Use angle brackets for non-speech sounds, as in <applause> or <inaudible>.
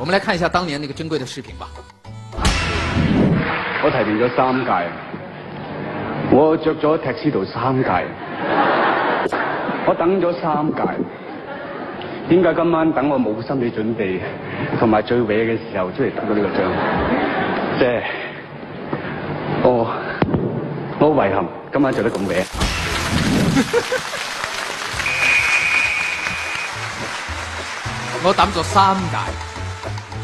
我們來看一下當年那個珍貴的視頻吧。我提名咗三屆，我着咗踢死兔三屆，我等咗三屆，點解今晚等我冇心理準備同埋最歪嘅時候出嚟攞到呢個獎？即係，我我好遺憾今晚着得咁歪。 <laughs> 我等咗三屆。